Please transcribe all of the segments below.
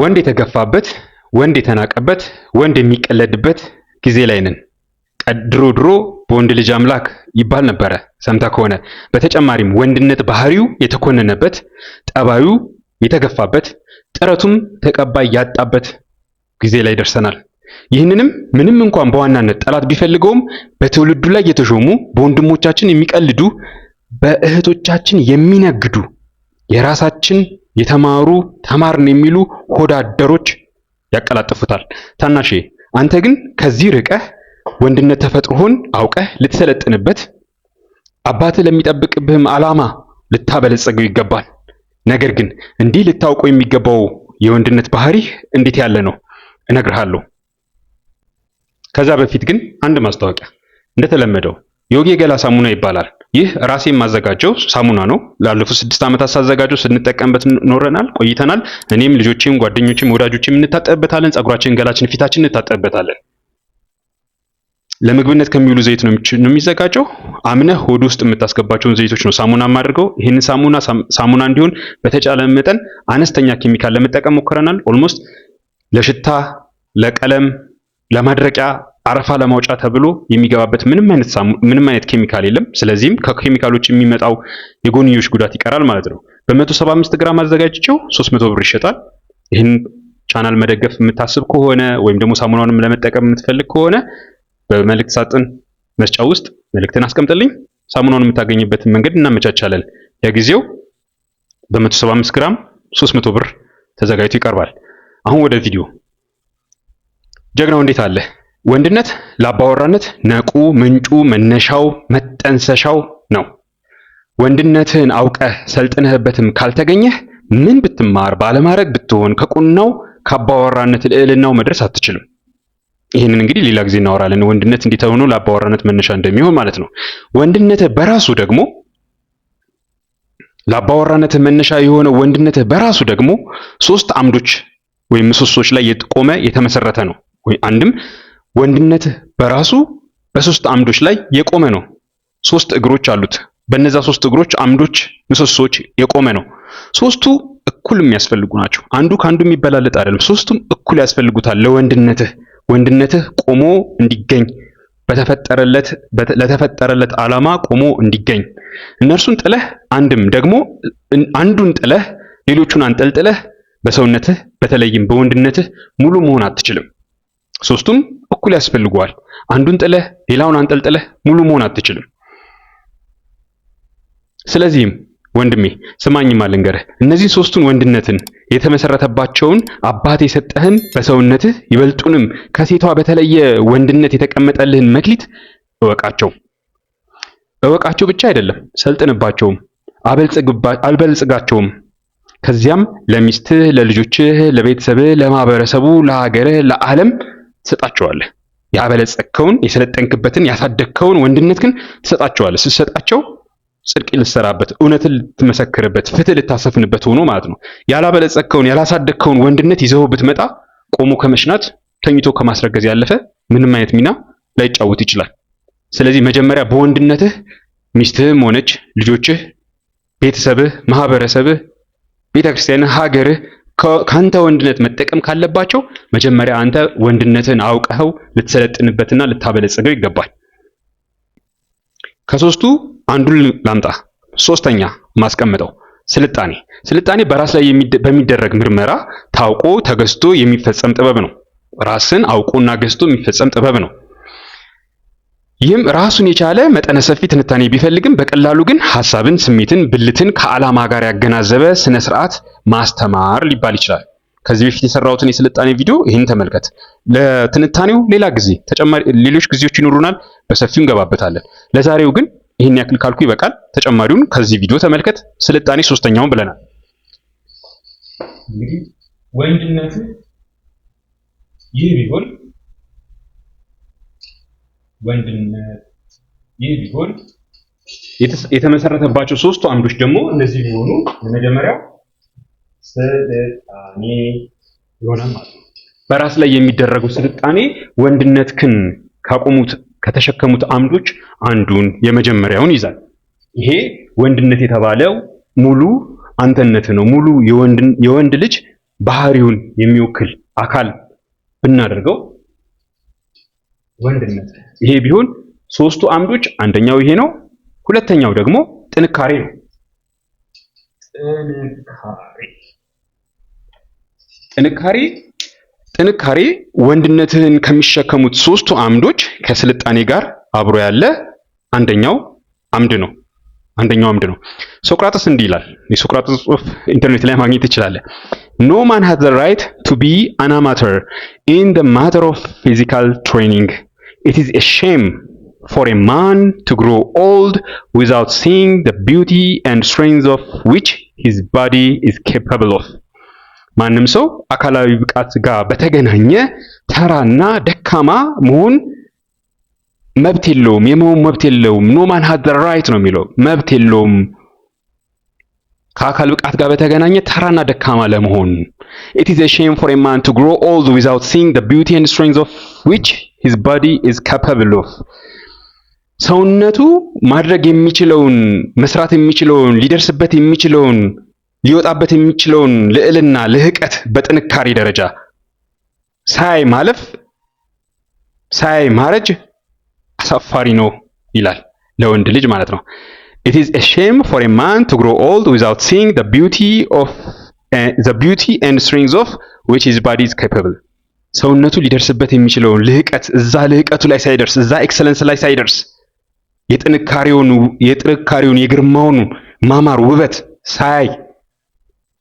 ወንድ የተገፋበት፣ ወንድ የተናቀበት፣ ወንድ የሚቀለድበት ጊዜ ላይ ነን። ድሮ ድሮ በወንድ ልጅ አምላክ ይባል ነበረ ሰምታ ከሆነ። በተጨማሪም ወንድነት ባህሪው የተኮነነበት፣ ጠባዩ የተገፋበት፣ ጥረቱም ተቀባይ ያጣበት ጊዜ ላይ ደርሰናል። ይህንንም ምንም እንኳን በዋናነት ጠላት ቢፈልገውም በትውልዱ ላይ የተሾሙ በወንድሞቻችን የሚቀልዱ በእህቶቻችን የሚነግዱ የራሳችን የተማሩ ተማርን የሚሉ ሆዳደሮች ያቀላጥፉታል። ታናሼ አንተ ግን ከዚህ ርቀህ ወንድነት ተፈጥሮህን አውቀህ ልትሰለጥንበት አባት ለሚጠብቅብህም ዓላማ ልታበለጸገው ይገባል። ነገር ግን እንዲህ ልታውቀው የሚገባው የወንድነት ባህሪህ እንዴት ያለ ነው እነግርሃለሁ። ከዛ በፊት ግን አንድ ማስታወቂያ። እንደተለመደው ዮጊ የገላ ሳሙና ይባላል። ይህ ራሴ የማዘጋጀው ሳሙና ነው። ላለፉት ስድስት ዓመታት ሳዘጋጀው ስንጠቀምበት ኖረናል ቆይተናል። እኔም ልጆችም፣ ጓደኞችም፣ ወዳጆችም እንታጠብበታለን። ጸጉራችን፣ ገላችን፣ ፊታችን እንታጠብበታለን። ለምግብነት ከሚውሉ ዘይት ነው የሚዘጋጀው። አምነህ ሆድ ውስጥ የምታስገባቸውን ዘይቶች ነው ሳሙና የማደርገው። ይህን ሳሙና ሳሙና እንዲሆን በተቻለ መጠን አነስተኛ ኬሚካል ለመጠቀም ሞክረናል። ኦልሞስት ለሽታ፣ ለቀለም፣ ለማድረቂያ አረፋ ለማውጫ ተብሎ የሚገባበት ምንም አይነት ምንም አይነት ኬሚካል የለም። ስለዚህም ከኬሚካሎች የሚመጣው የጎንዮሽ ጉዳት ይቀራል ማለት ነው። በ175 ግራም አዘጋጅቼው 300 ብር ይሸጣል። ይህን ቻናል መደገፍ የምታስብ ከሆነ ወይም ደግሞ ሳሙናውንም ለመጠቀም የምትፈልግ ከሆነ በመልእክት ሳጥን መስጫ ውስጥ መልእክትን አስቀምጥልኝ። ሳሙናውን የምታገኝበትን መንገድ እናመቻቻለን። ለጊዜው በ175 ግራም 300 ብር ተዘጋጅቶ ይቀርባል። አሁን ወደ ቪዲዮ ጀግናው እንዴት አለ ወንድነት ለአባወራነት ነቁ ምንጩ መነሻው መጠንሰሻው ነው። ወንድነትህን አውቀህ ሰልጥነህበትም ካልተገኘህ ምን ብትማር ባለማድረግ ብትሆን ከቁናው ከአባወራነት ልዕልናው መድረስ አትችልም። ይህንን እንግዲህ ሌላ ጊዜ እናወራለን። ወንድነት እንዴት ሆኖ ለአባወራነት መነሻ እንደሚሆን ማለት ነው። ወንድነትህ በራሱ ደግሞ ለአባወራነትህ መነሻ የሆነ ወንድነትህ በራሱ ደግሞ ሶስት አምዶች ወይም ምሰሶች ላይ የቆመ የተመሰረተ ነው። አንድም ወንድነትህ በራሱ በሶስት አምዶች ላይ የቆመ ነው። ሶስት እግሮች አሉት። በእነዛ ሶስት እግሮች አምዶች፣ ምሰሶዎች የቆመ ነው። ሶስቱ እኩል የሚያስፈልጉ ናቸው። አንዱ ከአንዱ የሚበላለጥ አይደለም። ሶስቱም እኩል ያስፈልጉታል ለወንድነትህ። ወንድነትህ ቆሞ እንዲገኝ በተፈጠረለት ለተፈጠረለት ዓላማ ቆሞ እንዲገኝ እነርሱን ጥለህ አንድም ደግሞ አንዱን ጥለህ ሌሎቹን አንጠልጥለህ በሰውነትህ በተለይም በወንድነትህ ሙሉ መሆን አትችልም። ሶስቱም እኩል ያስፈልገዋል። አንዱን ጥለህ ሌላውን አንጠልጥለህ ሙሉ መሆን አትችልም። ስለዚህም ወንድሜ ስማኝማ ልንገርህ፣ እነዚህን ሶስቱን ወንድነትን የተመሰረተባቸውን አባት የሰጠህን በሰውነትህ ይበልጡንም ከሴቷ በተለየ ወንድነት የተቀመጠልህን መክሊት እወቃቸው። እወቃቸው ብቻ አይደለም፣ ሰልጥንባቸውም፣ አልበልጽጋቸውም። ከዚያም ለሚስትህ፣ ለልጆችህ፣ ለቤተሰብህ፣ ለማህበረሰቡ፣ ለሀገርህ፣ ለዓለም ትሰጣቸዋለህ። ያበለጸከውን የሰለጠንክበትን ያሳደግከውን ወንድነት ግን ትሰጣቸዋለህ። ስትሰጣቸው ጽድቅ ልትሰራበት፣ እውነትን ልትመሰክርበት፣ ፍትህ ልታሰፍንበት ሆኖ ማለት ነው። ያላበለጸከውን ያላሳደግከውን ወንድነት ይዘው ብትመጣ ቆሞ ከመሽናት ተኝቶ ከማስረገዝ ያለፈ ምንም አይነት ሚና ላይጫወት ይችላል። ስለዚህ መጀመሪያ በወንድነትህ ሚስትህም ሆነች ልጆችህ፣ ቤተሰብህ፣ ማህበረሰብህ፣ ቤተክርስቲያንህ፣ ሀገርህ ከአንተ ወንድነት መጠቀም ካለባቸው መጀመሪያ አንተ ወንድነትን አውቀኸው ልትሰለጥንበትና ልታበለጽገው ይገባል። ከሶስቱ አንዱን ላምጣ። ሶስተኛ ማስቀምጠው ስልጣኔ። ስልጣኔ በራስ ላይ በሚደረግ ምርመራ ታውቆ ተገዝቶ የሚፈጸም ጥበብ ነው። ራስን አውቆና ገዝቶ የሚፈጸም ጥበብ ነው። ይህም ራሱን የቻለ መጠነ ሰፊ ትንታኔ ቢፈልግም በቀላሉ ግን ሀሳብን፣ ስሜትን፣ ብልትን ከዓላማ ጋር ያገናዘበ ስነ ስርዓት ማስተማር ሊባል ይችላል። ከዚህ በፊት የሰራሁትን የስልጣኔ ቪዲዮ ይህን ተመልከት። ለትንታኔው ሌላ ጊዜ ተጨማሪ ሌሎች ጊዜዎች ይኖሩናል፣ በሰፊው እንገባበታለን። ለዛሬው ግን ይህን ያክል ካልኩ ይበቃል። ተጨማሪውን ከዚህ ቪዲዮ ተመልከት። ስልጣኔ ሶስተኛውን ብለናል። እንግዲህ ወንድነትን ይህ ቢሆን ወንድነት፣ ይህ ቢሆን የተመሰረተባቸው ሶስቱ አምዶች ደግሞ እነዚህ ቢሆኑ የመጀመሪያው ስልጣኔ ይሆናል ማለት ነው። በራስ ላይ የሚደረገው ስልጣኔ ወንድነትክን ካቆሙት ከተሸከሙት አምዶች አንዱን የመጀመሪያውን ይዛል። ይሄ ወንድነት የተባለው ሙሉ አንተነት ነው። ሙሉ የወንድ ልጅ ባህሪውን የሚወክል አካል ብናደርገው ወንድነት። ይሄ ቢሆን ሶስቱ አምዶች አንደኛው ይሄ ነው፣ ሁለተኛው ደግሞ ጥንካሬ ነው። ጥንካሬ ጥንካሬ ወንድነትህን ከሚሸከሙት ሶስቱ አምዶች ከስልጣኔ ጋር አብሮ ያለ አንደኛው አምድ ነው። አንደኛው አምድ ነው። ሶቅራጥስ እንዲህ ይላል። የሶቅራጥስ ጽሑፍ ኢንተርኔት ላይ ማግኘት ትችላለህ። ኖ ማን ሃዝ ዘ ራይት ቱ ቢ አን አማተር ኢን ዘ ማተር ኦፍ ፊዚካል ትሬኒንግ it is a shame for a man to grow old without seeing the beauty and strength of which his body is capable of ማንም ሰው አካላዊ ብቃት ጋር በተገናኘ ተራና ደካማ መሆን መብት የለውም። የመሆን መብት የለውም። ኖ ማን ሃድ ራይት ነው የሚለው መብት የለውም። ከአካል ብቃት ጋር በተገናኘ ተራና ደካማ ለመሆን ኢት ኢዝ ኤ ሼም ፎር ኤ ማን ቱ ግሮ ኦልድ ዊዛውት ሲንግ ዘ ቢዩቲ ኤንድ ስትሬንግዝ ኦፍ ዊች ሂዝ ባዲ ኢዝ ካፓብል ኦፍ ሰውነቱ ማድረግ የሚችለውን መስራት የሚችለውን ሊደርስበት የሚችለውን ሊወጣበት የሚችለውን ልዕልና ልህቀት በጥንካሬ ደረጃ ሳይ ማለፍ ሳይ ማረጅ አሳፋሪ ነው ይላል ለወንድ ልጅ ማለት ነው። ኢት ኢዝ ኤ ሼም ፎር ኤ ማን ቱ ግሮ ኦልድ ዊዛውት ሲንግ ዘ ቢዩቲ ኤንድ ስትሪንግዝ ኦፍ ዊች ሂዝ ባዲ ኢዝ ካፓብል ሰውነቱ ሊደርስበት የሚችለውን ልህቀት እዛ ልህቀቱ ላይ ሳይደርስ እዛ ኤክሰለንስ ላይ ሳይደርስ የጥንካሬውን የጥንካሬውን የግርማውን ማማር ውበት ሳያይ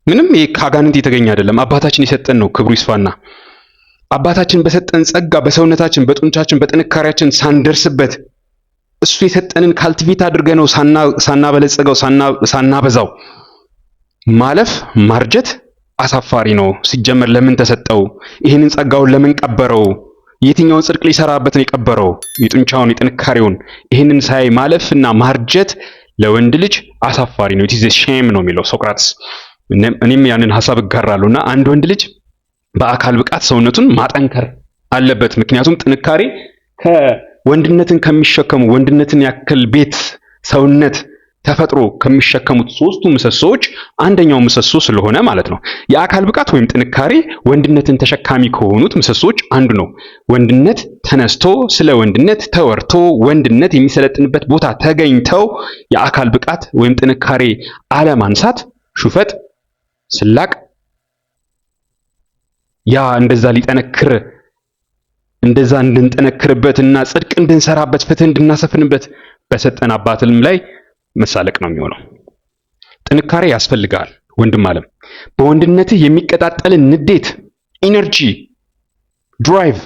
ምንም ይሄ ከአጋንንት የተገኘ አይደለም። አባታችን የሰጠን ነው። ክብሩ ይስፋና አባታችን በሰጠን ጸጋ በሰውነታችን በጡንቻችን በጥንካሬያችን ሳንደርስበት እሱ የሰጠንን ካልቲቬት አድርገ ነው ሳናበለጸገው ሳናበዛው ማለፍ ማርጀት አሳፋሪ ነው። ሲጀመር ለምን ተሰጠው? ይህንን ጸጋውን ለምን ቀበረው? የትኛውን ጽድቅ ሊሰራበት ነው የቀበረው? የጡንቻውን የጥንካሬውን ይህንን ሳይ ማለፍና ማርጀት ለወንድ ልጅ አሳፋሪ ነው። ኢትዝ ሼም ነው የሚለው ሶክራትስ። እኔም ያንን ሀሳብ እጋራለሁ እና አንድ ወንድ ልጅ በአካል ብቃት ሰውነቱን ማጠንከር አለበት። ምክንያቱም ጥንካሬ ከወንድነትን ከሚሸከሙ ወንድነትን ያክል ቤት ሰውነት ተፈጥሮ ከሚሸከሙት ሶስቱ ምሰሶዎች አንደኛው ምሰሶ ስለሆነ ማለት ነው። የአካል ብቃት ወይም ጥንካሬ ወንድነትን ተሸካሚ ከሆኑት ምሰሶዎች አንዱ ነው። ወንድነት ተነስቶ ስለ ወንድነት ተወርቶ ወንድነት የሚሰለጥንበት ቦታ ተገኝተው የአካል ብቃት ወይም ጥንካሬ አለማንሳት ሹፈት፣ ስላቅ ያ እንደዛ ሊጠነክር እንደዛ እንድንጠነክርበትና ጽድቅ እንድንሰራበት ፍትህ እንድናሰፍንበት በሰጠን አባትልም ላይ መሳለቅ ነው የሚሆነው። ጥንካሬ ያስፈልጋል ወንድም አለም። በወንድነትህ የሚቀጣጠልን ንዴት፣ ኢነርጂ፣ ድራይቭ፣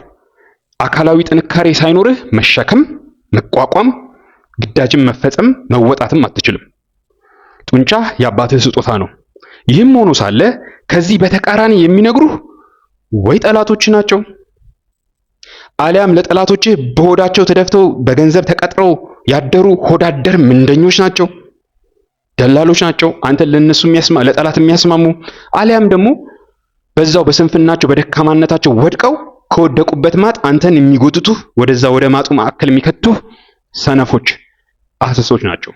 አካላዊ ጥንካሬ ሳይኖርህ መሸከም፣ መቋቋም፣ ግዳጅን መፈጸም፣ መወጣትም አትችልም። ጡንቻ የአባትህ ስጦታ ነው። ይህም ሆኖ ሳለ ከዚህ በተቃራኒ የሚነግሩህ ወይ ጠላቶች ናቸው አሊያም ለጠላቶችህ በሆዳቸው ተደፍተው በገንዘብ ተቀጥረው ያደሩ ሆዳደር ምንደኞች ናቸው፣ ደላሎች ናቸው። አንተ ለነሱ የሚያስማ ለጠላት የሚያስማሙ አሊያም ደግሞ በዛው በስንፍናቸው በደካማነታቸው ወድቀው ከወደቁበት ማጥ አንተን የሚጎትቱ ወደዛ ወደ ማጡ ማዕከል የሚከቱ ሰነፎች አሰሶች ናቸው።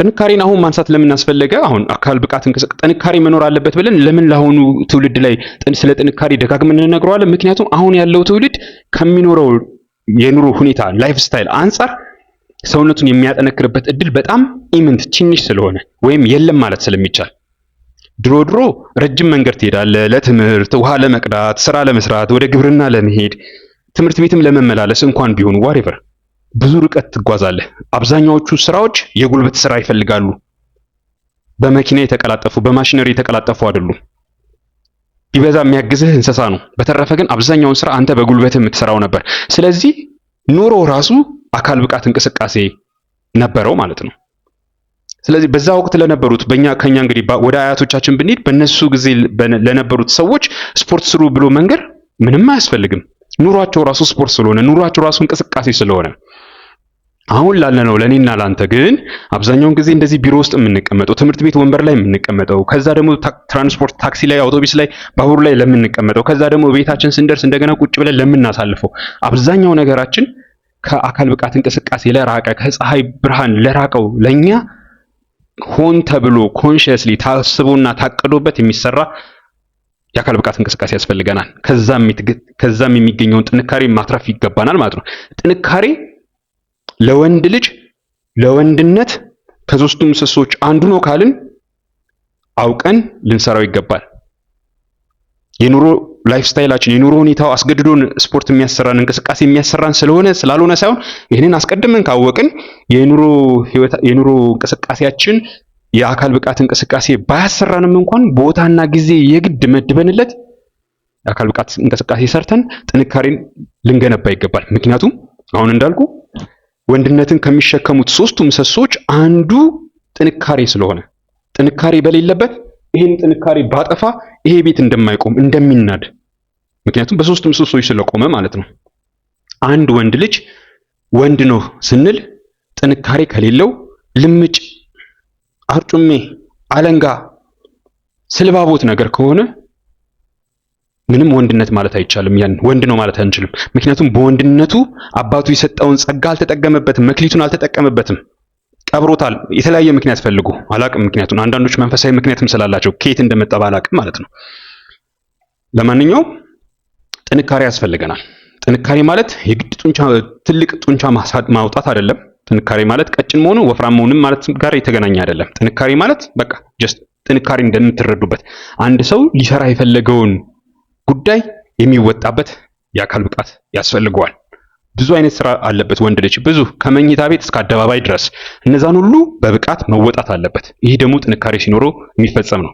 ጥንካሬን አሁን ማንሳት ለምን አስፈለገ? አሁን አካል ብቃት እንቅስቃሴ ጥንካሬ መኖር አለበት ብለን ለምን ለአሁኑ ትውልድ ላይ ስለ ጥንካሬ ደጋግመን እንነግረዋለን? ምክንያቱም አሁን ያለው ትውልድ ከሚኖረው የኑሮ ሁኔታ ላይፍ ስታይል አንጻር ሰውነቱን የሚያጠነክርበት እድል በጣም ኢምንት ትንሽ ስለሆነ ወይም የለም ማለት ስለሚቻል ድሮ ድሮ ረጅም መንገድ ትሄዳለህ ለትምህርት፣ ውሃ ለመቅዳት፣ ስራ ለመስራት፣ ወደ ግብርና ለመሄድ፣ ትምህርት ቤትም ለመመላለስ እንኳን ቢሆን ዋሬቨር ብዙ ርቀት ትጓዛለህ። አብዛኛዎቹ ስራዎች የጉልበት ስራ ይፈልጋሉ። በመኪና የተቀላጠፉ በማሽነሪ የተቀላጠፉ አይደሉም። ሊበዛ የሚያግዝህ እንስሳ ነው። በተረፈ ግን አብዛኛውን ስራ አንተ በጉልበት የምትሰራው ነበር። ስለዚህ ኑሮ ራሱ አካል ብቃት እንቅስቃሴ ነበረው ማለት ነው። ስለዚህ በዛ ወቅት ለነበሩት በእኛ ከኛ እንግዲህ ወደ አያቶቻችን ብንሄድ በእነሱ ጊዜ ለነበሩት ሰዎች ስፖርት ስሩ ብሎ መንገር ምንም አያስፈልግም። ኑሯቸው ራሱ ስፖርት ስለሆነ ኑሯቸው ራሱ እንቅስቃሴ ስለሆነ አሁን ላለነው ለእኔና ላንተ ግን አብዛኛውን ጊዜ እንደዚህ ቢሮ ውስጥ የምንቀመጠው ትምህርት ቤት ወንበር ላይ የምንቀመጠው ከዛ ደግሞ ትራንስፖርት ታክሲ ላይ አውቶቡስ ላይ ባቡር ላይ ለምንቀመጠው ከዛ ደግሞ ቤታችን ስንደርስ እንደገና ቁጭ ብለን ለምናሳልፈው አብዛኛው ነገራችን ከአካል ብቃት እንቅስቃሴ ለራቀ ከፀሐይ ብርሃን ለራቀው ለኛ ሆን ተብሎ ኮንሽየስሊ ታስቦና ታቅዶበት የሚሰራ የአካል ብቃት እንቅስቃሴ ያስፈልገናል። ከዛም የሚገኘውን ጥንካሬ ማትረፍ ይገባናል ማለት ነው ጥንካሬ ለወንድ ልጅ ለወንድነት ከሶስቱ ምሰሶች አንዱ ነው ካልን አውቀን ልንሰራው ይገባል። የኑሮ ላይፍ ስታይላችን የኑሮ ሁኔታው አስገድዶን ስፖርት የሚያሰራን እንቅስቃሴ የሚያሰራን ስለሆነ ስላልሆነ ሳይሆን ይህንን አስቀድመን ካወቅን የኑሮ የኑሮ እንቅስቃሴያችን የአካል ብቃት እንቅስቃሴ ባያሰራንም እንኳን ቦታና ጊዜ የግድ መድበንለት የአካል ብቃት እንቅስቃሴ ሰርተን ጥንካሬን ልንገነባ ይገባል። ምክንያቱም አሁን እንዳልኩ ወንድነትን ከሚሸከሙት ሶስቱ ምሰሶች አንዱ ጥንካሬ ስለሆነ ጥንካሬ በሌለበት ይህን ጥንካሬ ባጠፋ ይሄ ቤት እንደማይቆም እንደሚናድ፣ ምክንያቱም በሶስቱ ምሰሶች ስለቆመ ማለት ነው። አንድ ወንድ ልጅ ወንድ ነው ስንል ጥንካሬ ከሌለው ልምጭ፣ አርጩሜ፣ አለንጋ፣ ስልባቦት ነገር ከሆነ ምንም ወንድነት ማለት አይቻልም። ያን ወንድ ነው ማለት አንችልም። ምክንያቱም በወንድነቱ አባቱ የሰጠውን ጸጋ አልተጠቀመበትም፣ መክሊቱን አልተጠቀመበትም፣ ቀብሮታል። የተለያየ ምክንያት ፈልጉ አላቅም። ምክንያቱን አንዳንዶች መንፈሳዊ ምክንያትም ስላላቸው ከየት እንደመጣ ባላቅም ማለት ነው። ለማንኛውም ጥንካሬ ያስፈልገናል። ጥንካሬ ማለት የግድ ጡንቻ ትልቅ ጡንቻ ማውጣት አይደለም። ጥንካሬ ማለት ቀጭን መሆኑ ወፍራም መሆኑም ማለት ጋር የተገናኘ አይደለም። ጥንካሬ ማለት በቃ ጀስት ጥንካሬ እንደምትረዱበት አንድ ሰው ሊሰራ የፈለገውን ጉዳይ የሚወጣበት የአካል ብቃት ያስፈልገዋል። ብዙ አይነት ስራ አለበት ወንድ ልጅ ብዙ ከመኝታ ቤት እስከ አደባባይ ድረስ እነዛን ሁሉ በብቃት መወጣት አለበት። ይህ ደግሞ ጥንካሬ ሲኖረው የሚፈጸም ነው።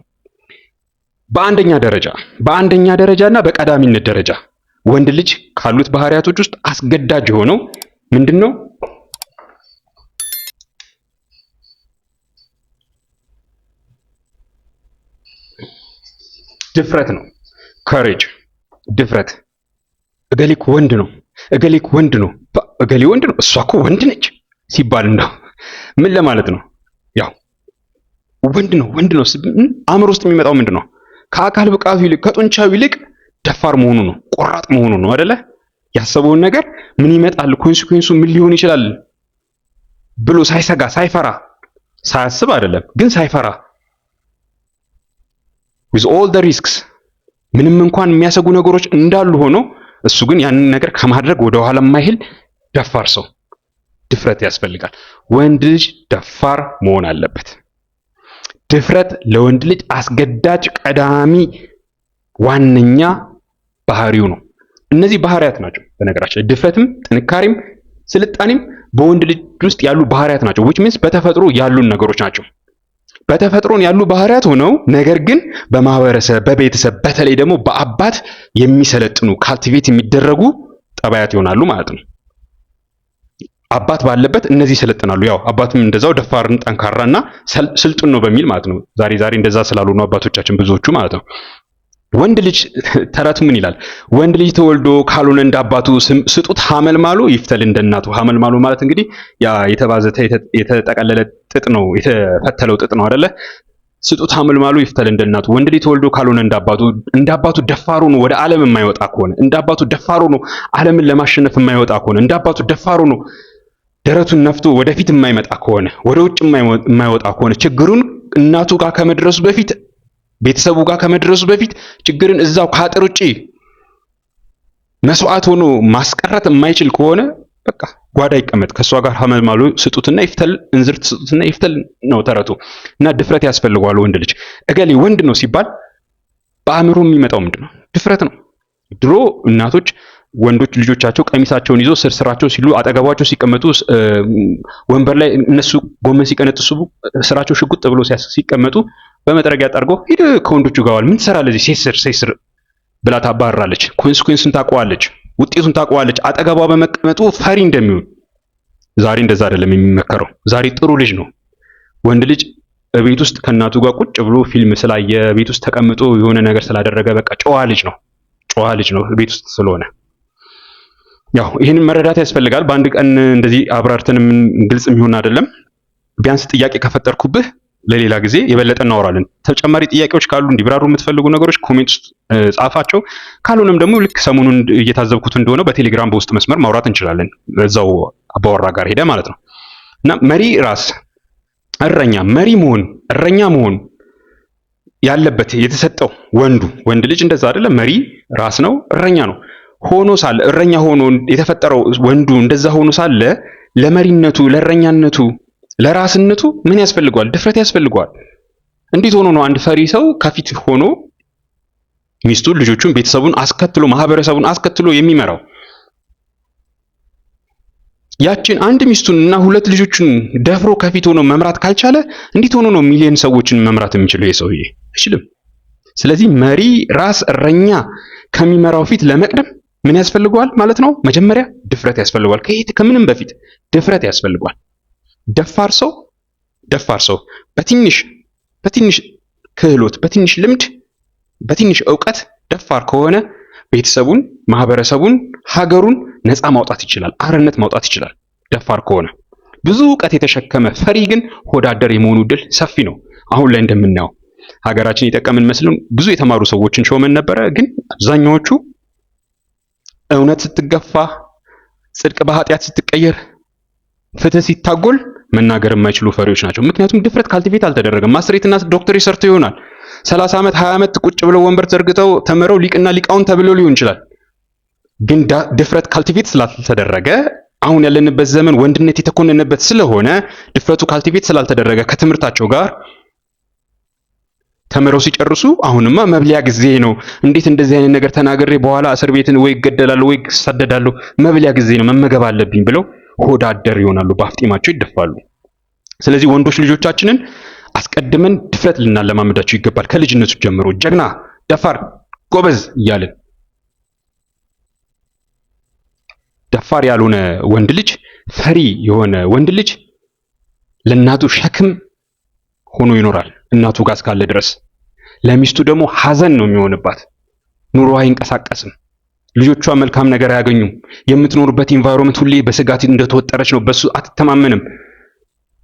በአንደኛ ደረጃ በአንደኛ ደረጃ እና በቀዳሚነት ደረጃ ወንድ ልጅ ካሉት ባህሪያቶች ውስጥ አስገዳጅ የሆነው ምንድን ነው? ድፍረት ነው። ከሬጅ ድፍረት። እገሌክ ወንድ ነው፣ እገሌክ ወንድ ነው፣ እገሌ ወንድ ነው፣ እሷ እኮ ወንድ ነች ሲባል እንደው ምን ለማለት ነው? ያው ወንድ ነው ወንድ ነው አእምሮ ውስጥ የሚመጣው ምንድን ነው? ከአካል ብቃቱ ይልቅ ከጡንቻው ይልቅ ደፋር መሆኑ ነው፣ ቆራጥ መሆኑ ነው አይደለ? ያሰበውን ነገር ምን ይመጣል፣ ኮንሲኩዌንሱ ምን ሊሆን ይችላል ብሎ ሳይሰጋ ሳይፈራ ሳያስብ አይደለም ግን ሳይፈራ ዊዝ ኦል ዘ ሪስክስ ምንም እንኳን የሚያሰጉ ነገሮች እንዳሉ ሆኖ እሱ ግን ያንን ነገር ከማድረግ ወደ ኋላ የማይል ደፋር ሰው ድፍረት ያስፈልጋል። ወንድ ልጅ ደፋር መሆን አለበት። ድፍረት ለወንድ ልጅ አስገዳጅ ቀዳሚ ዋነኛ ባህሪው ነው። እነዚህ ባህሪያት ናቸው። በነገራችን ላይ ድፍረትም ጥንካሬም ስልጣኔም በወንድ ልጅ ውስጥ ያሉ ባህሪያት ናቸው። ዊች ሚንስ በተፈጥሮ ያሉን ነገሮች ናቸው። በተፈጥሮን ያሉ ባህሪያት ሆነው ነገር ግን በማህበረሰብ በቤተሰብ በተለይ ደግሞ በአባት የሚሰለጥኑ ካልቲቬት የሚደረጉ ጠባያት ይሆናሉ ማለት ነው። አባት ባለበት እነዚህ ይሰለጥናሉ። ያው አባትም እንደዛው ደፋርን፣ ጠንካራና ስልጡን ነው በሚል ማለት ነው። ዛሬ ዛሬ እንደዛ ነው አባቶቻችን ብዙዎቹ ማለት ነው። ወንድ ልጅ ተረቱ ምን ይላል? ወንድ ልጅ ተወልዶ ካልሆነ እንደ አባቱ ስጡት ሐመልማሉ ይፍተል እንደ እናቱ። ሐመልማሉ ማለት እንግዲህ ያ የተባዘተ የተጠቀለለ ጥጥ ነው፣ የተፈተለው ጥጥ ነው አይደለ? ስጡት ሐመልማሉ ይፍተል እንደ እናቱ። ወንድ ልጅ ተወልዶ ካልሆነ እንደ አባቱ እንደ አባቱ ወደ ዓለም የማይወጣ ከሆነ እንደ አባቱ ደፋር ዓለምን ለማሸነፍ የማይወጣ ከሆነ እንደ አባቱ ደፋር ደረቱን ነፍቶ ወደፊት የማይመጣ ከሆነ ወደ ውጭ የማይወጣ ከሆነ ችግሩን እናቱ ጋር ከመድረሱ በፊት ቤተሰቡ ጋር ከመድረሱ በፊት ችግርን እዛው ከአጥር ውጪ መስዋዕት ሆኖ ማስቀረት የማይችል ከሆነ በቃ ጓዳ ይቀመጥ። ከእሷ ጋር ሀመልማሉ ስጡትና ይፍተል እንዝርት ስጡትና ይፍተል ነው ተረቱ። እና ድፍረት ያስፈልገዋል ወንድ ልጅ። እገሌ ወንድ ነው ሲባል በአእምሮ የሚመጣው ምንድን ነው? ድፍረት ነው። ድሮ እናቶች ወንዶች ልጆቻቸው ቀሚሳቸውን ይዞ ስርስራቸው ስራቸው ሲሉ አጠገባቸው ሲቀመጡ ወንበር ላይ እነሱ ጎመን ሲቀነጥሱ ስራቸው ሽጉጥ ብሎ ሲቀመጡ በመጥረጊያ ጠርጎ ሂድ ከወንዶቹ ጋር ምን ትሰራለህ እዚህ ሴስር ብላ ታባራለች። ኮንስኩዌንሱን ታውቀዋለች፣ ውጤቱን ታውቀዋለች። አጠገቧ በመቀመጡ ፈሪ እንደሚሆን ዛሬ እንደዛ አይደለም የሚመከረው። ዛሬ ጥሩ ልጅ ነው ወንድ ልጅ በቤት ውስጥ ከእናቱ ጋር ቁጭ ብሎ ፊልም ስላየ ቤት ውስጥ ተቀምጦ የሆነ ነገር ስላደረገ በቃ ጨዋ ልጅ ነው። ጨዋ ልጅ ነው ቤት ውስጥ ስለሆነ ያው ይህንን መረዳት ያስፈልጋል። በአንድ ቀን እንደዚህ አብራርተንም ግልጽ የሚሆን አይደለም። ቢያንስ ጥያቄ ከፈጠርኩብህ ለሌላ ጊዜ የበለጠ እናወራለን። ተጨማሪ ጥያቄዎች ካሉ እንዲብራሩ የምትፈልጉ ነገሮች ኮሜንት ውስጥ ጻፋቸው። ካልሆነም ደግሞ ልክ ሰሞኑን እየታዘብኩት እንደሆነ በቴሌግራም በውስጥ መስመር ማውራት እንችላለን። እዛው አባወራ ጋር ሄደ ማለት ነው እና መሪ ራስ እረኛ መሪ መሆን እረኛ መሆን ያለበት የተሰጠው ወንዱ ወንድ ልጅ እንደዛ አይደለም። መሪ ራስ ነው፣ እረኛ ነው። ሆኖ ሳለ እረኛ ሆኖ የተፈጠረው ወንዱ እንደዛ ሆኖ ሳለ ለመሪነቱ ለእረኛነቱ ለራስነቱ ምን ያስፈልገዋል? ድፍረት ያስፈልገዋል። እንዴት ሆኖ ነው አንድ ፈሪ ሰው ከፊት ሆኖ ሚስቱን፣ ልጆቹን፣ ቤተሰቡን አስከትሎ ማህበረሰቡን አስከትሎ የሚመራው? ያችን አንድ ሚስቱን እና ሁለት ልጆቹን ደፍሮ ከፊት ሆኖ መምራት ካልቻለ እንዴት ሆኖ ነው ሚሊዮን ሰዎችን መምራት የሚችለው የሰውዬ አይችልም። ስለዚህ መሪ ራስ እረኛ ከሚመራው ፊት ለመቅደም ምን ያስፈልገዋል ማለት ነው? መጀመሪያ ድፍረት ያስፈልገዋል። ከየት ከምንም በፊት ድፍረት ያስፈልገዋል። ደፋር ሰው ደፋር ሰው በትንሽ በትንሽ ክህሎት በትንሽ ልምድ በትንሽ እውቀት ደፋር ከሆነ ቤተሰቡን፣ ማህበረሰቡን፣ ሀገሩን ነፃ ማውጣት ይችላል፣ አርነት ማውጣት ይችላል። ደፋር ከሆነ ብዙ እውቀት የተሸከመ ፈሪ ግን ሆዳደር የመሆኑ እድል ሰፊ ነው። አሁን ላይ እንደምናየው ሀገራችን የጠቀምን መስለን ብዙ የተማሩ ሰዎችን ሾመን ነበረ። ግን አብዛኛዎቹ እውነት ስትገፋ ጽድቅ በኃጢአት ስትቀየር ፍትህ ሲታጎል መናገር የማይችሉ ፈሪዎች ናቸው። ምክንያቱም ድፍረት ካልቲቬት አልተደረገም። ማስሬትና ዶክተር ሰርተው ይሆናል። 30 ዓመት 20 ዓመት ቁጭ ብለው ወንበር ዘርግተው ተምረው ሊቅና ሊቃውን ተብለው ሊሆን ይችላል። ግን ድፍረት ካልቲቬት ስላልተደረገ አሁን ያለንበት ዘመን ወንድነት የተኮነነበት ስለሆነ ድፍረቱ ካልቲቬት ስላልተደረገ ከትምህርታቸው ጋር ተምረው ሲጨርሱ አሁንማ መብሊያ ጊዜ ነው፣ እንዴት እንደዚህ አይነት ነገር ተናግሬ በኋላ እስር ቤትን ወይ ይገደላለሁ ወይ ይሰደዳለሁ፣ መብሊያ ጊዜ ነው፣ መመገብ አለብኝ ብለው ሆዳደር ይሆናሉ፣ በአፍጢማቸው ይደፋሉ። ስለዚህ ወንዶች ልጆቻችንን አስቀድመን ድፍረት ልናለማመዳቸው ይገባል። ከልጅነቱ ጀምሮ ጀግና፣ ደፋር፣ ጎበዝ እያልን ደፋር ያልሆነ ወንድ ልጅ፣ ፈሪ የሆነ ወንድ ልጅ ለእናቱ ሸክም ሆኖ ይኖራል። እናቱ ጋር እስካለ ድረስ ለሚስቱ ደግሞ ሀዘን ነው የሚሆንባት። ኑሮ አይንቀሳቀስም። ልጆቿ መልካም ነገር አያገኙም። የምትኖርበት ኢንቫይሮንመንት ሁሌ በስጋት እንደተወጠረች ነው። በሱ አትተማመንም።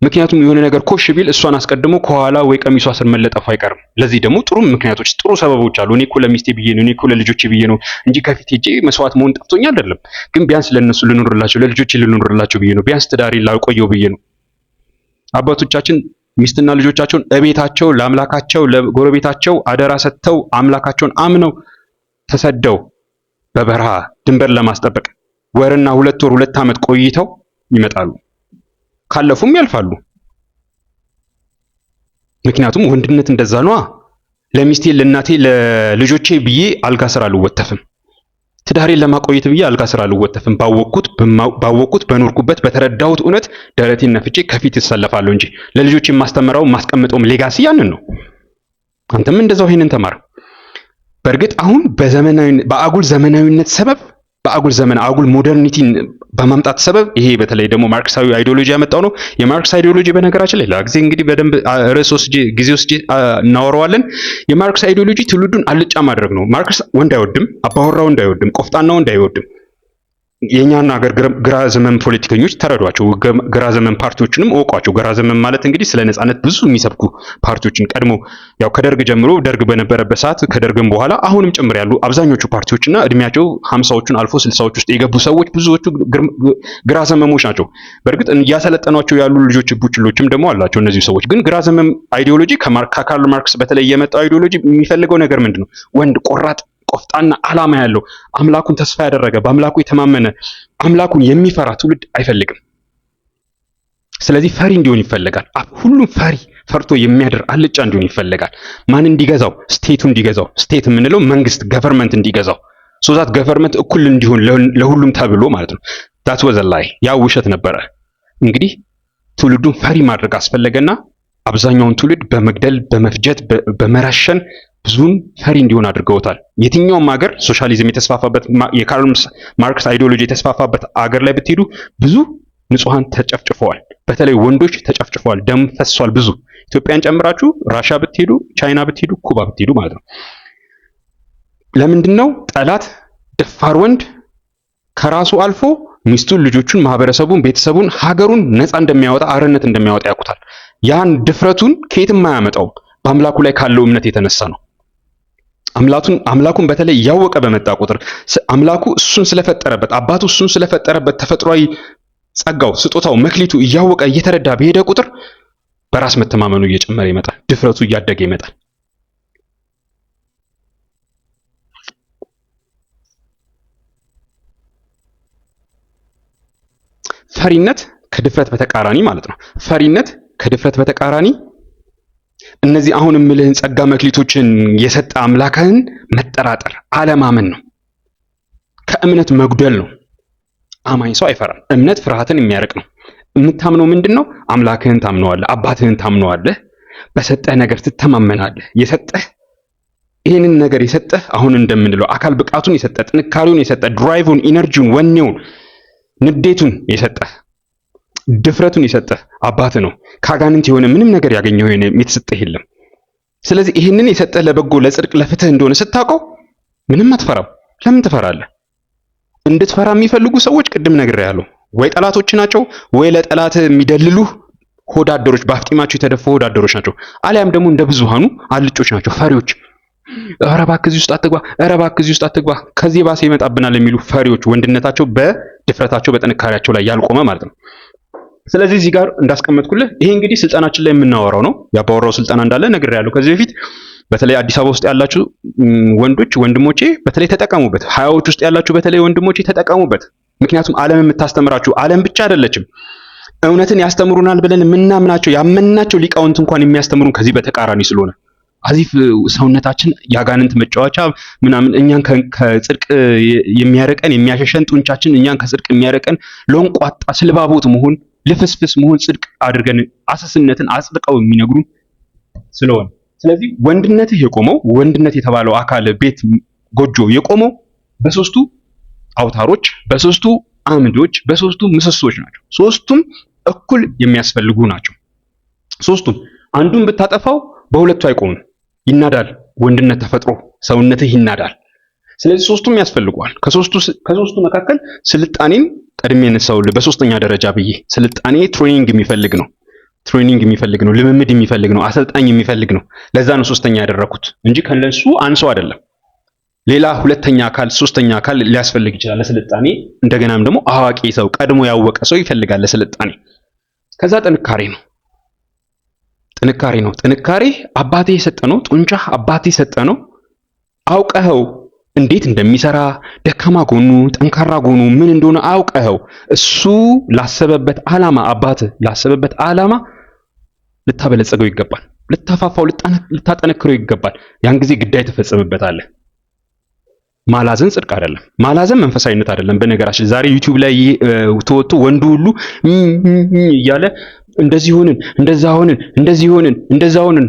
ምክንያቱም የሆነ ነገር ኮሽ ቢል እሷን አስቀድሞ ከኋላ ወይ ቀሚሷ ስር መለጠፉ አይቀርም። ለዚህ ደግሞ ጥሩ ምክንያቶች፣ ጥሩ ሰበቦች አሉ። እኔ እኮ ለሚስቴ ብዬ ነው፣ እኔ እኮ ለልጆቼ ብዬ ነው እንጂ ከፊት ሄጄ መስዋዕት መሆን ጠፍቶኝ አይደለም። ግን ቢያንስ ለነሱ ልኖርላቸው፣ ለልጆች ልኖርላቸው ብዬ ነው። ቢያንስ ትዳሬ ላቆየው ብዬ ነው። አባቶቻችን ሚስትና ልጆቻቸውን እቤታቸው ለአምላካቸው ለጎረቤታቸው አደራ ሰጥተው አምላካቸውን አምነው ተሰደው በበረሃ ድንበር ለማስጠበቅ ወርና ሁለት ወር ሁለት ዓመት ቆይተው ይመጣሉ። ካለፉም ያልፋሉ። ምክንያቱም ወንድነት እንደዛ ነዋ። ለሚስቴ፣ ለእናቴ፣ ለልጆቼ ብዬ አልጋ ስራ አልወተፍም። ትዳሬን ለማቆየት ብዬ አልጋ ስራ አልወተፍም። ባወቅኩት ባወቅኩት በኖርኩበት በተረዳሁት እውነት ደረቴን ነፍቼ ከፊት ይሰለፋሉ እንጂ ለልጆቼ የማስተምረው ማስቀምጠውም ሌጋሲ ያንን ነው። አንተም እንደዛው ይሄንን ተማር። በእርግጥ አሁን በዘመናዊ በአጉል ዘመናዊነት ሰበብ በአጉል ዘመን አጉል ሞደርኒቲን በማምጣት ሰበብ ይሄ በተለይ ደግሞ ማርክሳዊ አይዲዮሎጂ ያመጣው ነው። የማርክስ አይዲዮሎጂ በነገራችን ላይ ለጊዜ እንግዲህ በደንብ ርዕስ ወስጄ ጊዜ ወስጄ እናወራዋለን። የማርክስ አይዲዮሎጂ ትውልዱን አልጫ ማድረግ ነው። ማርክስ ወንድ አይወድም፣ አባወራ ወንድ አይወድም፣ ቆፍጣና ወንድ አይወድም። የኛና ሀገር ግራ ዘመን ፖለቲከኞች ተረዷቸው፣ ግራ ዘመን ፓርቲዎችንም እወቋቸው። ግራ ዘመን ማለት እንግዲህ ስለ ነጻነት ብዙ የሚሰብኩ ፓርቲዎችን ቀድሞ ያው ከደርግ ጀምሮ ደርግ በነበረበት ሰዓት ከደርግም በኋላ አሁንም ጭምር ያሉ አብዛኞቹ ፓርቲዎችና እድሜያቸው ሀምሳዎቹን አልፎ ስልሳዎች ውስጥ የገቡ ሰዎች ብዙዎቹ ግራ ዘመሞች ናቸው። በእርግጥ እያሰለጠኗቸው ያሉ ልጆች ቡችሎችም ደግሞ አላቸው። እነዚህ ሰዎች ግን ግራ ዘመም አይዲዮሎጂ ከካርል ማርክስ በተለይ የመጣው አይዲዮሎጂ የሚፈልገው ነገር ምንድን ነው? ወንድ ቆራጥ ቆፍጣና ዓላማ ያለው አምላኩን ተስፋ ያደረገ በአምላኩ የተማመነ አምላኩን የሚፈራ ትውልድ አይፈልግም። ስለዚህ ፈሪ እንዲሆን ይፈልጋል። ሁሉም ፈሪ ፈርቶ የሚያድር አልጫ እንዲሆን ይፈልጋል። ማን እንዲገዛው? ስቴቱ እንዲገዛው። ስቴት የምንለው መንግስት፣ ገቨርመንት እንዲገዛው ሶዛት ገቨርመንት እኩል እንዲሆን ለሁሉም ተብሎ ማለት ነው። ዳት ወዘ ላይ ያ ውሸት ነበረ። እንግዲህ ትውልዱን ፈሪ ማድረግ አስፈለገና አብዛኛውን ትውልድ በመግደል በመፍጀት በመረሸን ህዝቡን ፈሪ እንዲሆን አድርገውታል። የትኛውም ሀገር ሶሻሊዝም የተስፋፋበት የካርል ማርክስ አይዲዮሎጂ የተስፋፋበት አገር ላይ ብትሄዱ ብዙ ንጹሐን ተጨፍጭፈዋል። በተለይ ወንዶች ተጨፍጭፈዋል፣ ደም ፈሷል። ብዙ ኢትዮጵያን ጨምራችሁ ራሻ ብትሄዱ፣ ቻይና ብትሄዱ፣ ኩባ ብትሄዱ ማለት ነው። ለምንድን ነው ጠላት ደፋር ወንድ ከራሱ አልፎ ሚስቱን፣ ልጆቹን፣ ማህበረሰቡን፣ ቤተሰቡን፣ ሀገሩን ነፃ እንደሚያወጣ አርነት እንደሚያወጣ ያውቁታል። ያን ድፍረቱን ከየትም አያመጣውም። በአምላኩ ላይ ካለው እምነት የተነሳ ነው። አምላኩን በተለይ እያወቀ በመጣ ቁጥር አምላኩ እሱን ስለፈጠረበት አባቱ እሱን ስለፈጠረበት ተፈጥሯዊ ጸጋው፣ ስጦታው፣ መክሊቱ እያወቀ እየተረዳ በሄደ ቁጥር በራስ መተማመኑ እየጨመረ ይመጣል። ድፍረቱ እያደገ ይመጣል። ፈሪነት ከድፍረት በተቃራኒ ማለት ነው። ፈሪነት ከድፍረት በተቃራኒ እነዚህ አሁን የምልህን ጸጋ መክሊቶችን የሰጠ አምላክህን መጠራጠር አለማመን ነው። ከእምነት መጉደል ነው። አማኝ ሰው አይፈራም። እምነት ፍርሃትን የሚያርቅ ነው። የምታምነው ምንድን ነው? አምላክህን ታምነዋለህ፣ አባትህን ታምነዋለህ፣ በሰጠህ ነገር ትተማመናለህ። የሰጠህ ይህንን ነገር የሰጠህ አሁን እንደምንለው አካል ብቃቱን የሰጠህ ጥንካሬውን የሰጠህ ድራይቭን፣ ኢነርጂውን፣ ወኔውን፣ ንዴቱን የሰጠህ ድፍረቱን የሰጠ አባት ነው። ከአጋንንት የሆነ ምንም ነገር ያገኘው የተሰጠህ የለም። ስለዚህ ይህንን የሰጠህ ለበጎ ለጽድቅ፣ ለፍትህ እንደሆነ ስታውቀው ምንም አትፈራም። ለምን ትፈራለህ? እንድትፈራ የሚፈልጉ ሰዎች ቅድም ያሉ ወይ ጠላቶች ናቸው፣ ወይ ለጠላት የሚደልሉ ሆዳደሮች፣ በአፍጢማቸው የተደፉ ሆዳደሮች ናቸው። አሊያም ደግሞ እንደ ብዙሃኑ አልጮች ናቸው፣ ፈሪዎች። ኧረ እባክህ እዚህ ውስጥ አትግባ፣ ኧረ እባክህ እዚህ ውስጥ አትግባ፣ ከዚህ ባሰ ይመጣብናል የሚሉ ፈሪዎች፣ ወንድነታቸው በድፍረታቸው በጥንካሬያቸው ላይ ያልቆመ ማለት ነው። ስለዚህ እዚህ ጋር እንዳስቀመጥኩልህ ይሄ እንግዲህ ስልጠናችን ላይ የምናወራው ነው። ያባወራው ስልጠና እንዳለ ነግሬያለሁ ከዚህ በፊት። በተለይ አዲስ አበባ ውስጥ ያላችሁ ወንዶች ወንድሞቼ በተለይ ተጠቀሙበት። ሀያዎች ውስጥ ያላችሁ በተለይ ወንድሞቼ ተጠቀሙበት። ምክንያቱም ዓለም የምታስተምራችሁ ዓለም ብቻ አይደለችም። እውነትን ያስተምሩናል ብለን የምናምናቸው ያመናቸው ሊቃውንት እንኳን የሚያስተምሩን ከዚህ በተቃራኒ ስለሆነ አዚፍ ሰውነታችን ያጋንንት መጫወቻ ምናምን እኛን ከጽድቅ የሚያረቀን የሚያሸሸን ጡንቻችን እኛን ከጽድቅ የሚያረቀን ሎንቋጣ ስልባቦት መሆን ልፍስፍስ መሆን ጽድቅ አድርገን አሰስነትን አጽድቀው የሚነግሩን ስለሆነ ስለዚህ ወንድነትህ የቆመው ወንድነት የተባለው አካል ቤት ጎጆ የቆመው በሶስቱ አውታሮች በሶስቱ አምዶች በሶስቱ ምሰሶች ናቸው። ሶስቱም እኩል የሚያስፈልጉ ናቸው። ሶስቱም አንዱን ብታጠፋው በሁለቱ አይቆምም፣ ይናዳል። ወንድነት ተፈጥሮ ሰውነትህ ይናዳል። ስለዚህ ሶስቱም ያስፈልገዋል። ከሶስቱ ከሶስቱ መካከል ስልጣኔን። ቀድሜ ነሳውልህ። በሶስተኛ ደረጃ ብዬ ስልጣኔ ትሬኒንግ የሚፈልግ ነው። ትሬኒንግ የሚፈልግ ነው። ልምምድ የሚፈልግ ነው። አሰልጣኝ የሚፈልግ ነው። ለዛ ነው ሶስተኛ ያደረኩት እንጂ ከነሱ አንሰው አይደለም። ሌላ ሁለተኛ አካል ሶስተኛ አካል ሊያስፈልግ ይችላል ለስልጣኔ። እንደገናም ደግሞ አዋቂ ሰው ቀድሞ ያወቀ ሰው ይፈልጋል ለስልጣኔ። ከዛ ጥንካሬ ነው ጥንካሬ ነው። ጥንካሬ አባቴ የሰጠ ነው። ጡንቻ አባቴ የሰጠ ነው። አውቀኸው እንዴት እንደሚሰራ ደካማ ጎኑ፣ ጠንካራ ጎኑ ምን እንደሆነ አውቀኸው እሱ ላሰበበት ዓላማ አባት ላሰበበት ዓላማ ልታበለጸገው ይገባል። ልታፋፋው፣ ልታጠነክረው ይገባል። ያን ጊዜ ግዳይ ትፈጽምበታለህ። ማላዘን ጽድቅ አይደለም። ማላዘን መንፈሳዊነት አይደለም። በነገራችን ዛሬ ዩቲዩብ ላይ ተወጥቶ ወንዱ ሁሉ እያለ እንደዚህ ሆንን፣ እንደዛ ሆንን፣ እንደዚህ ሆንን፣ እንደዛ ሆንን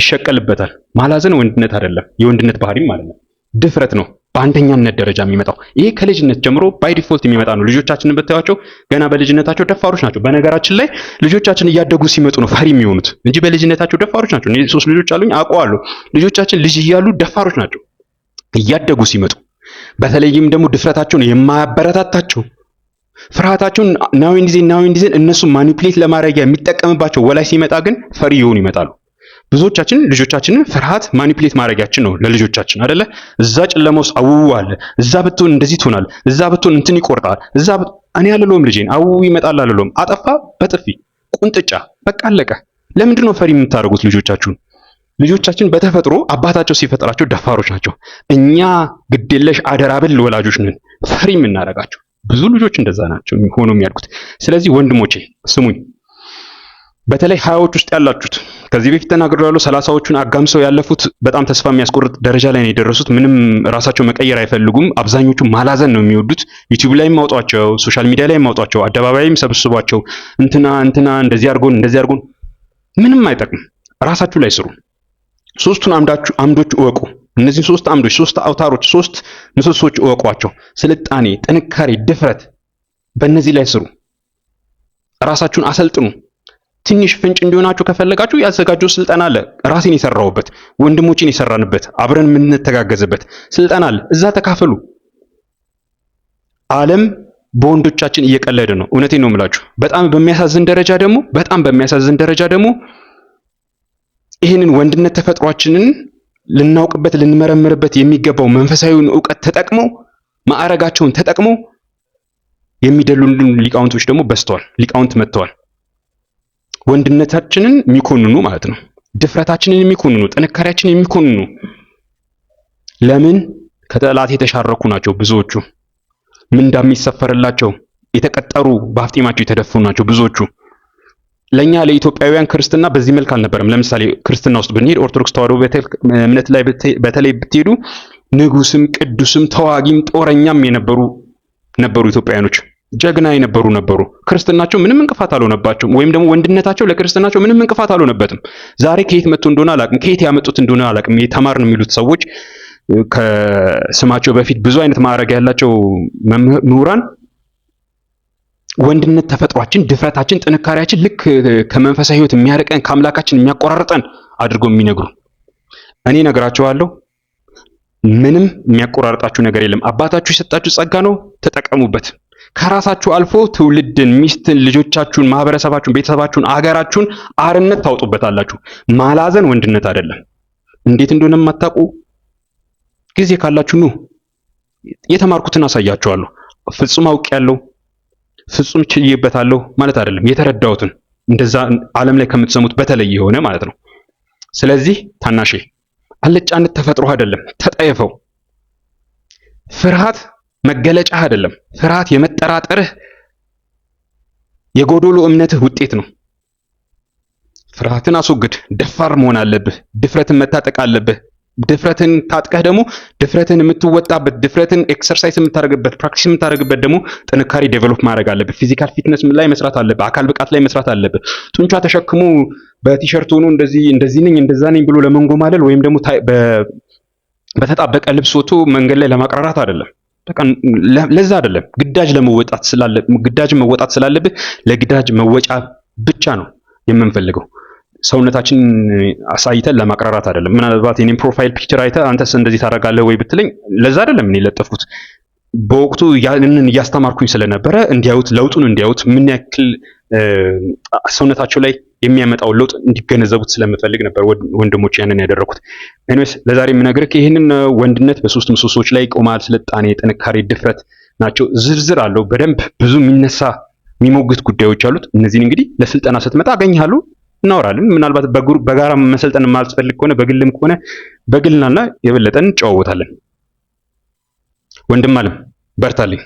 ይሸቀልበታል። ማላዘን ወንድነት አይደለም፣ የወንድነት ባህሪም አይደለም። ድፍረት ነው በአንደኛነት ደረጃ የሚመጣው ይሄ ከልጅነት ጀምሮ ባይ ዲፎልት የሚመጣ ነው። ልጆቻችንን ብታያቸው ገና በልጅነታቸው ደፋሮች ናቸው። በነገራችን ላይ ልጆቻችን እያደጉ ሲመጡ ነው ፈሪ የሚሆኑት እንጂ በልጅነታቸው ደፋሮች ናቸው። እኔ ሶስት ልጆች አሉኝ አውቀዋለሁ። ልጆቻችን ልጅ እያሉ ደፋሮች ናቸው። እያደጉ ሲመጡ በተለይም ደግሞ ድፍረታቸውን የማያበረታታቸው ፍርሃታቸውን ናዊን ዲዜን ናዊን ዲዜን እነሱ ማኒፕሌት ለማድረጊያ የሚጠቀምባቸው ወላይ ሲመጣ ግን ፈሪ ይሆኑ ይመጣሉ። ብዙዎቻችን ልጆቻችንን ፍርሃት ማኒፕሌት ማድረጊያችን ነው ለልጆቻችን አይደለ? እዛ ጨለማ ውስጥ አው አለ፣ እዛ ብትሆን እንደዚህ ትሆናል፣ እዛ ብትሆን እንትን ይቆርጣል፣ እዛ እኔ አልለውም ልጄን አው ይመጣል አልለውም። አጠፋ በጥፊ ቁንጥጫ፣ በቃ አለቀ። ለምንድን ነው ፈሪ የምታደርጉት ልጆቻችሁን? ልጆቻችን በተፈጥሮ አባታቸው ሲፈጥራቸው ደፋሮች ናቸው። እኛ ግዴለሽ አደራብል ወላጆች ነን ፈሪ የምናደርጋቸው። ብዙ ልጆች እንደዛ ናቸው ሆኖ የሚያድጉት። ስለዚህ ወንድሞቼ ስሙኝ። በተለይ ሀያዎች ውስጥ ያላችሁት ከዚህ በፊት ያሉ ሰላሳዎቹን አጋምሰው ያለፉት በጣም ተስፋ የሚያስቆርጥ ደረጃ ላይ ነው የደረሱት። ምንም ራሳቸው መቀየር አይፈልጉም። አብዛኞቹ ማላዘን ነው የሚወዱት። ዩቲዩብ ላይ ማውጧቸው፣ ሶሻል ሚዲያ ላይ ማውጧቸው፣ አደባባይም ሰብስቧቸው፣ እንትና እንትና እንደዚህ አድርጎን እንደዚህ አድርጎን ምንም አይጠቅም። ራሳችሁ ላይ ስሩ። ሶስቱን አምዳችሁ አምዶች እወቁ። እነዚህ ሶስት አምዶች፣ ሶስት አውታሮች፣ ሶስት ምሰሶች እወቋቸው። ስልጣኔ፣ ጥንካሬ፣ ድፍረት። በእነዚህ ላይ ስሩ። ራሳችሁን አሰልጥኑ። ትንሽ ፍንጭ እንዲሆናችሁ ከፈለጋችሁ ያዘጋጀው ስልጠና አለ። ራሴን የሰራሁበት ወንድሞችን የሰራንበት አብረን የምንተጋገዝበት ስልጠና አለ። እዛ ተካፈሉ። ዓለም በወንዶቻችን እየቀለደ ነው። እውነቴን ነው የምላችሁ። በጣም በሚያሳዝን ደረጃ ደግሞ በጣም በሚያሳዝን ደረጃ ደግሞ ይህንን ወንድነት ተፈጥሯችንን ልናውቅበት ልንመረምርበት የሚገባው መንፈሳዊውን እውቀት ተጠቅመው ማዕረጋቸውን ተጠቅመው የሚደሉልን ሊቃውንቶች ደግሞ በዝተዋል። ሊቃውንት መጥተዋል። ወንድነታችንን የሚኮንኑ ማለት ነው። ድፍረታችንን የሚኮንኑ፣ ጥንካሬያችንን የሚኮንኑ ለምን ከጠላት የተሻረኩ ናቸው ብዙዎቹ። ምንዳ የሚሰፈርላቸው የተቀጠሩ በአፍጢማቸው የተደፉ ናቸው ብዙዎቹ። ለእኛ ለኢትዮጵያውያን ክርስትና በዚህ መልክ አልነበረም። ለምሳሌ ክርስትና ውስጥ ብንሄድ ኦርቶዶክስ ተዋሕዶ እምነት ላይ በተለይ ብትሄዱ ንጉስም፣ ቅዱስም፣ ተዋጊም፣ ጦረኛም የነበሩ ነበሩ ኢትዮጵያውያኖች። ጀግና የነበሩ ነበሩ። ክርስትናቸው ምንም እንቅፋት አልሆነባቸውም፣ ወይም ደግሞ ወንድነታቸው ለክርስትናቸው ምንም እንቅፋት አልሆነበትም። ዛሬ ከየት መጥቶ እንደሆነ አላቅም፣ ከየት ያመጡት እንደሆነ አላቅም። የተማርን የሚሉት ሰዎች ከስማቸው በፊት ብዙ አይነት ማዕረግ ያላቸው ምሁራን ወንድነት ተፈጥሯችን፣ ድፍረታችን፣ ጥንካሬያችን ልክ ከመንፈሳዊ ሕይወት የሚያርቀን ከአምላካችን የሚያቆራርጠን አድርገው የሚነግሩ እኔ ነግራቸዋለሁ። ምንም የሚያቆራርጣችሁ ነገር የለም። አባታችሁ የሰጣችሁ ጸጋ ነው፣ ተጠቀሙበት። ከራሳችሁ አልፎ ትውልድን፣ ሚስትን፣ ልጆቻችሁን፣ ማህበረሰባችሁን፣ ቤተሰባችሁን፣ አገራችሁን አርነት ታውጡበታላችሁ። ማላዘን ወንድነት አይደለም። እንዴት እንደሆነ የማታውቁ ጊዜ ካላችሁ ኑ የተማርኩትን አሳያችኋለሁ። ፍጹም አውቄያለሁ፣ ፍጹም ችዬበታለሁ ማለት አይደለም። የተረዳሁትን እንደዛ ዓለም ላይ ከምትሰሙት በተለየ የሆነ ማለት ነው። ስለዚህ ታናሼ አልጫነት ተፈጥሮ አይደለም፣ ተጠየፈው ፍርሃት መገለጫ አይደለም። ፍርሃት የመጠራጠርህ የጎዶሎ እምነትህ ውጤት ነው። ፍርሃትን አስወግድ። ደፋር መሆን አለብህ። ድፍረትን መታጠቅ አለብህ። ድፍረትን ታጥቀህ ደግሞ ድፍረትን የምትወጣበት ድፍረትን ኤክሰርሳይዝ የምታደርግበት ፕራክቲስ የምታደርግበት ደግሞ ጥንካሬ ዴቨሎፕ ማድረግ አለብህ። ፊዚካል ፊትነስ ላይ መስራት አለብህ። አካል ብቃት ላይ መስራት አለብህ። ጡንቻ ተሸክሞ በቲሸርት ሆኖ እንደዚህ እንደዚህ ነኝ እንደዛ ነኝ ብሎ ማለል ወይም ደግሞ በተጣበቀ ልብስ ወጥቶ መንገድ ላይ ለማቅራራት አይደለም። ለዛ አይደለም ግዳጅ ለመወጣት ስላለ ግዳጅ መወጣት ስላለብህ ለግዳጅ መወጫ ብቻ ነው የምንፈልገው። ሰውነታችን አሳይተን ለማቅራራት አይደለም። ምናልባት የኔን ፕሮፋይል ፒክቸር አይተ አንተስ እንደዚህ ታደርጋለህ ወይ ብትለኝ ለዛ አይደለም እኔ ለጠፍኩት። በወቅቱ ያንን እያስተማርኩኝ ስለነበረ እንዲያዩት ለውጡን እንዲያዩት ምን ያክል ሰውነታቸው ላይ የሚያመጣውን ለውጥ እንዲገነዘቡት ስለምፈልግ ነበር ወንድሞች ያንን ያደረኩት። ኤኒዌይስ ለዛሬ የምነግርህ ይህንን ወንድነት በሶስት ምሰሶዎች ላይ ቆማል። ስልጣኔ፣ ጥንካሬ፣ ድፍረት ናቸው። ዝርዝር አለው በደንብ ብዙ የሚነሳ የሚሞግት ጉዳዮች አሉት። እነዚህን እንግዲህ ለስልጠና ስትመጣ አገኝሃለሁ፣ እናወራለን። ምናልባት በጋራ መሰልጠን የማልስፈልግ ከሆነ በግልም ከሆነ በግልና የበለጠ እንጨዋወታለን። ወንድም አለም በርታልኝ።